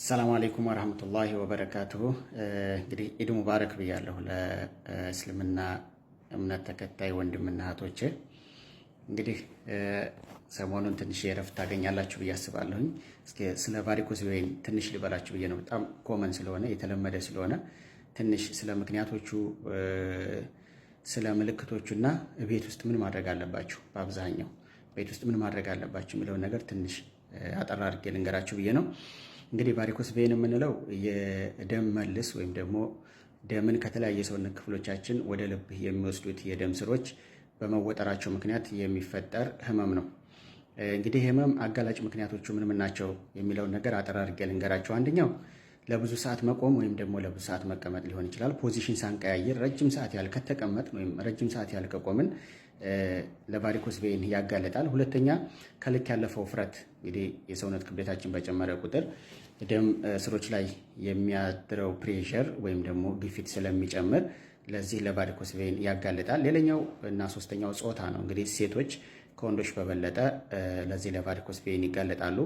አሰላሙ አለይኩም ወረህመቱላሂ ወበረካቱሁ። እንግዲህ ኢድ ሙባረክ ብያለሁ ለእስልምና እምነት ተከታይ ወንድምና እንግዲህ ሰሞኑን ትንሽ የረፍት ታገኛላችሁ ብዬ አስባለሁኝ። ስለ ቫሪኮስ ቬን ትንሽ ልበላችሁ ብዬ ነው። በጣም ኮመን ስለሆነ የተለመደ ስለሆነ ትንሽ ስለ ምክንያቶቹ፣ ስለ ምልክቶቹና ቤት ውስጥ ምን ማድረግ አለባችሁ፣ በአብዛኛው ቤት ውስጥ ምን ማድረግ አለባችሁ የሚለውን ነገር ትንሽ አጠራ አድርጌ ልንገራችሁ ብዬ ነው። እንግዲህ ቫሪኮስ ቬን የምንለው የደም መልስ ወይም ደግሞ ደምን ከተለያየ ሰውነት ክፍሎቻችን ወደ ልብ የሚወስዱት የደም ስሮች በመወጠራቸው ምክንያት የሚፈጠር ህመም ነው። እንግዲህ ህመም አጋላጭ ምክንያቶቹ ምን ምን ናቸው የሚለውን ነገር አጠር አድርጌ ልንገራቸው። አንደኛው ለብዙ ሰዓት መቆም ወይም ደግሞ ለብዙ ሰዓት መቀመጥ ሊሆን ይችላል። ፖዚሽን ሳንቀያየር ረጅም ሰዓት ያህል ከተቀመጥን ወይም ረጅም ሰዓት ያህል ከቆምን ለቫሪኮስ ቬን ያጋለጣል። ሁለተኛ ከልክ ያለፈው ውፍረት እንግዲህ የሰውነት ክብደታችን በጨመረ ቁጥር ደም ስሮች ላይ የሚያድረው ፕሬሸር ወይም ደግሞ ግፊት ስለሚጨምር ለዚህ ለቫሪኮስ ቬን ያጋለጣል። ሌላኛው እና ሶስተኛው ጾታ ነው። እንግዲህ ሴቶች ከወንዶች በበለጠ ለዚህ ለቫሪኮስ ቬን ይጋለጣሉ።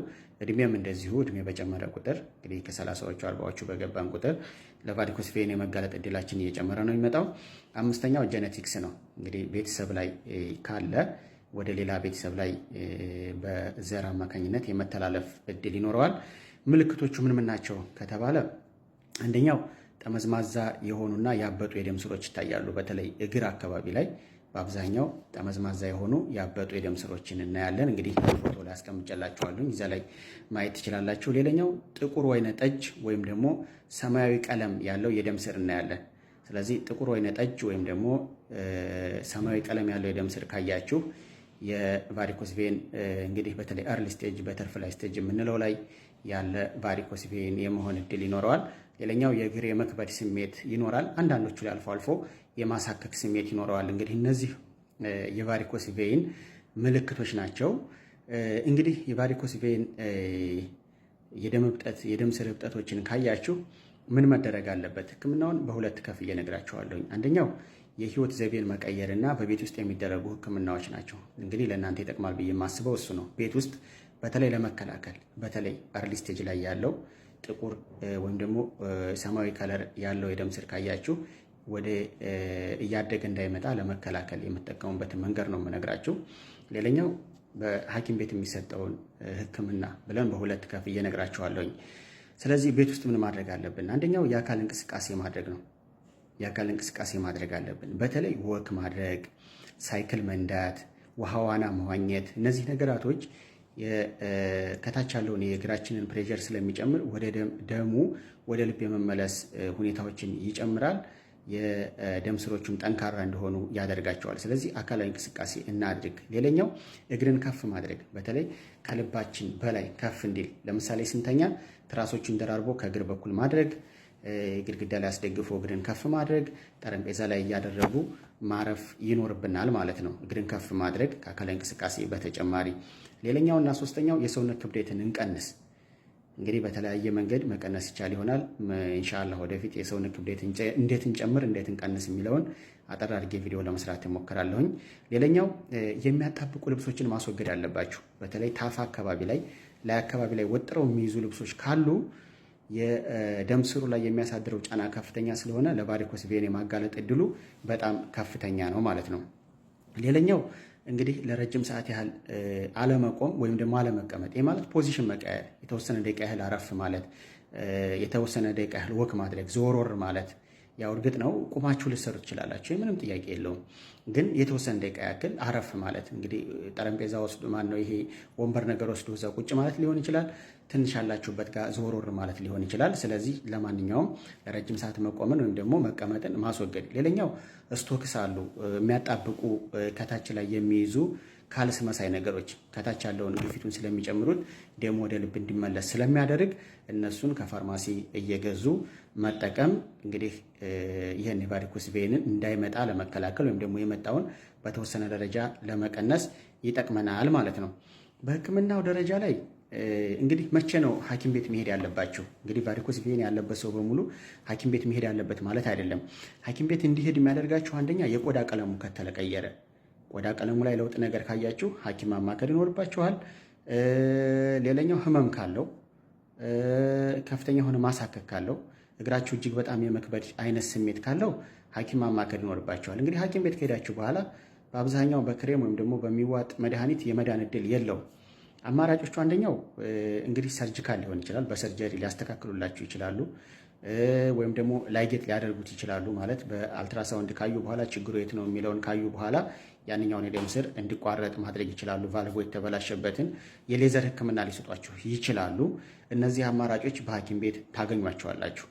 እድሜም እንደዚሁ እድሜ በጨመረ ቁጥር እንግዲህ ከሰላሳዎቹ አርባዎቹ በገባን ቁጥር ለቫሪኮስ ቬን የመጋለጥ እድላችን እየጨመረ ነው የሚመጣው። አምስተኛው ጀነቲክስ ነው። እንግዲህ ቤተሰብ ላይ ካለ ወደ ሌላ ቤተሰብ ላይ በዘር አማካኝነት የመተላለፍ እድል ይኖረዋል። ምልክቶቹ ምን ምን ናቸው ከተባለ አንደኛው ጠመዝማዛ የሆኑና ያበጡ የደም ስሮች ይታያሉ። በተለይ እግር አካባቢ ላይ በአብዛኛው ጠመዝማዛ የሆኑ ያበጡ የደም ስሮችን እናያለን። እንግዲህ ፎቶ ላይ አስቀምጨላችኋለሁ፣ ላይ ማየት ትችላላችሁ። ሌላኛው ጥቁር ወይነ ጠጅ ወይም ደግሞ ሰማያዊ ቀለም ያለው የደም ስር እናያለን። ስለዚህ ጥቁር ወይነ ጠጅ ወይም ደግሞ ሰማያዊ ቀለም ያለው የደም ስር ካያችሁ የቫሪኮስ ቬን እንግዲህ በተለይ አርሊ ስቴጅ በተርፍላይ ስቴጅ የምንለው ላይ ያለ ቫሪኮስ ቬን የመሆን እድል ይኖረዋል። ሌላኛው የእግር የመክበድ ስሜት ይኖራል። አንዳንዶቹ ላይ አልፎ አልፎ የማሳከክ ስሜት ይኖረዋል። እንግዲህ እነዚህ የቫሪኮስ ቬይን ምልክቶች ናቸው። እንግዲህ የቫሪኮስ ቬይን የደም እብጠት የደም ስር እብጠቶችን ካያችሁ ምን መደረግ አለበት? ህክምናውን በሁለት ከፍ እነግራችኋለሁኝ። አንደኛው የህይወት ዘይቤን መቀየር እና በቤት ውስጥ የሚደረጉ ህክምናዎች ናቸው። እንግዲህ ለእናንተ ይጠቅማል ብዬ የማስበው እሱ ነው። ቤት ውስጥ በተለይ ለመከላከል በተለይ አርሊ ስቴጅ ላይ ያለው ጥቁር ወይም ደግሞ ሰማያዊ ከለር ያለው የደም ስር ካያችሁ ወደ እያደገ እንዳይመጣ ለመከላከል የምጠቀሙበት መንገድ ነው የምነግራችሁ። ሌላኛው በሐኪም ቤት የሚሰጠውን ሕክምና ብለን በሁለት ከፍ እነግራችኋለሁኝ። ስለዚህ ቤት ውስጥ ምን ማድረግ አለብን? አንደኛው የአካል እንቅስቃሴ ማድረግ ነው። የአካል እንቅስቃሴ ማድረግ አለብን። በተለይ ወክ ማድረግ፣ ሳይክል መንዳት፣ ውሃ ዋና መዋኘት፣ እነዚህ ነገራቶች ከታች ያለውን የእግራችንን ፕሬዠር ስለሚጨምር ወደ ደሙ ወደ ልብ የመመለስ ሁኔታዎችን ይጨምራል። የደም ስሮቹም ጠንካራ እንደሆኑ ያደርጋቸዋል። ስለዚህ አካላዊ እንቅስቃሴ እናድርግ። ሌላኛው እግርን ከፍ ማድረግ በተለይ ከልባችን በላይ ከፍ እንዲል፣ ለምሳሌ ስንተኛ ትራሶችን ደራርቦ ከእግር በኩል ማድረግ ግድግዳ ላይ አስደግፎ እግርን ከፍ ማድረግ ጠረጴዛ ላይ እያደረጉ ማረፍ ይኖርብናል ማለት ነው። እግርን ከፍ ማድረግ ከአካላዊ እንቅስቃሴ በተጨማሪ ሌላኛውና ሶስተኛው የሰውነት ክብደትን እንቀንስ። እንግዲህ በተለያየ መንገድ መቀነስ ይቻል ይሆናል። ኢንሻአላህ ወደፊት የሰውነት ክብደት እንዴት እንጨምር፣ እንዴት እንቀንስ የሚለውን አጠር አድርጌ ቪዲዮ ለመስራት እሞክራለሁኝ። ሌላኛው የሚያጣብቁ ልብሶችን ማስወገድ አለባችሁ። በተለይ ታፋ አካባቢ ላይ ላይ አካባቢ ላይ ወጥረው የሚይዙ ልብሶች ካሉ የደም ስሩ ላይ የሚያሳድረው ጫና ከፍተኛ ስለሆነ ለቫሪኮስ ቬን የማጋለጥ እድሉ በጣም ከፍተኛ ነው ማለት ነው። ሌላኛው እንግዲህ ለረጅም ሰዓት ያህል አለመቆም ወይም ደግሞ አለመቀመጥ፣ ይህ ማለት ፖዚሽን መቀየር፣ የተወሰነ ደቂቃ ያህል አረፍ ማለት፣ የተወሰነ ደቂቃ ያህል ወክ ማድረግ፣ ዞሮር ማለት ያው እርግጥ ነው ቁማችሁ ልሰሩ ትችላላችሁ፣ ምንም ጥያቄ የለውም። ግን የተወሰነ ደቂቃ ያክል አረፍ ማለት እንግዲህ ጠረጴዛ ወስዱ፣ ማን ነው ይሄ ወንበር ነገር ወስዶ እዛ ቁጭ ማለት ሊሆን ይችላል። ትንሽ ያላችሁበት ጋር ዘወር ማለት ሊሆን ይችላል። ስለዚህ ለማንኛውም ለረጅም ሰዓት መቆምን ወይም ደግሞ መቀመጥን ማስወገድ። ሌላኛው ስቶክስ አሉ የሚያጣብቁ ከታች ላይ የሚይዙ ካልስ መሳይ ነገሮች ከታች ያለውን ግፊቱን ስለሚጨምሩት ደም ወደ ልብ እንዲመለስ ስለሚያደርግ እነሱን ከፋርማሲ እየገዙ መጠቀም እንግዲህ ይህን የቫሪኮስ ቬንን እንዳይመጣ ለመከላከል ወይም ደግሞ የመጣውን በተወሰነ ደረጃ ለመቀነስ ይጠቅመናል ማለት ነው። በሕክምናው ደረጃ ላይ እንግዲህ መቼ ነው ሐኪም ቤት መሄድ ያለባችሁ? እንግዲህ ቫሪኮስ ቬን ያለበት ሰው በሙሉ ሐኪም ቤት መሄድ ያለበት ማለት አይደለም። ሐኪም ቤት እንዲሄድ የሚያደርጋችሁ አንደኛ የቆዳ ቀለሙ ከተለቀየረ ቆዳ ቀለሙ ላይ ለውጥ ነገር ካያችሁ ሐኪም ማማከር ይኖርባችኋል። ሌላኛው ህመም ካለው ከፍተኛ የሆነ ማሳከክ ካለው እግራችሁ እጅግ በጣም የመክበድ አይነት ስሜት ካለው ሐኪም ማማከር ይኖርባችኋል። እንግዲህ ሐኪም ቤት ከሄዳችሁ በኋላ በአብዛኛው በክሬም ወይም ደግሞ በሚዋጥ መድኃኒት የመዳን እድል የለው አማራጮቹ አንደኛው እንግዲህ ሰርጂካል ሊሆን ይችላል። በሰርጀሪ ሊያስተካክሉላችሁ ይችላሉ፣ ወይም ደግሞ ላይጌጥ ሊያደርጉት ይችላሉ። ማለት በአልትራሳውንድ ካዩ በኋላ ችግሩ የት ነው የሚለውን ካዩ በኋላ ያንኛውን የደም ስር እንዲቋረጥ ማድረግ ይችላሉ። ቫልቮ የተበላሸበትን የሌዘር ህክምና ሊሰጧችሁ ይችላሉ። እነዚህ አማራጮች በሐኪም ቤት ታገኟቸዋላችሁ።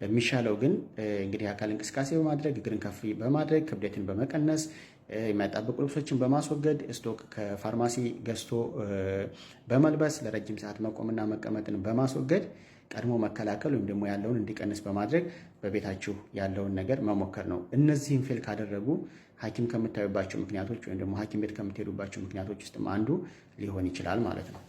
በሚሻለው ግን እንግዲህ የአካል እንቅስቃሴ በማድረግ እግርን ከፍ በማድረግ ክብደትን በመቀነስ የሚያጣብቁ ልብሶችን በማስወገድ ስቶክ ከፋርማሲ ገዝቶ በመልበስ ለረጅም ሰዓት መቆምና መቀመጥን በማስወገድ ቀድሞ መከላከል ወይም ደግሞ ያለውን እንዲቀንስ በማድረግ በቤታችሁ ያለውን ነገር መሞከር ነው። እነዚህን ፌል ካደረጉ ሐኪም ከምታዩባቸው ምክንያቶች ወይም ደግሞ ሐኪም ቤት ከምትሄዱባቸው ምክንያቶች ውስጥም አንዱ ሊሆን ይችላል ማለት ነው።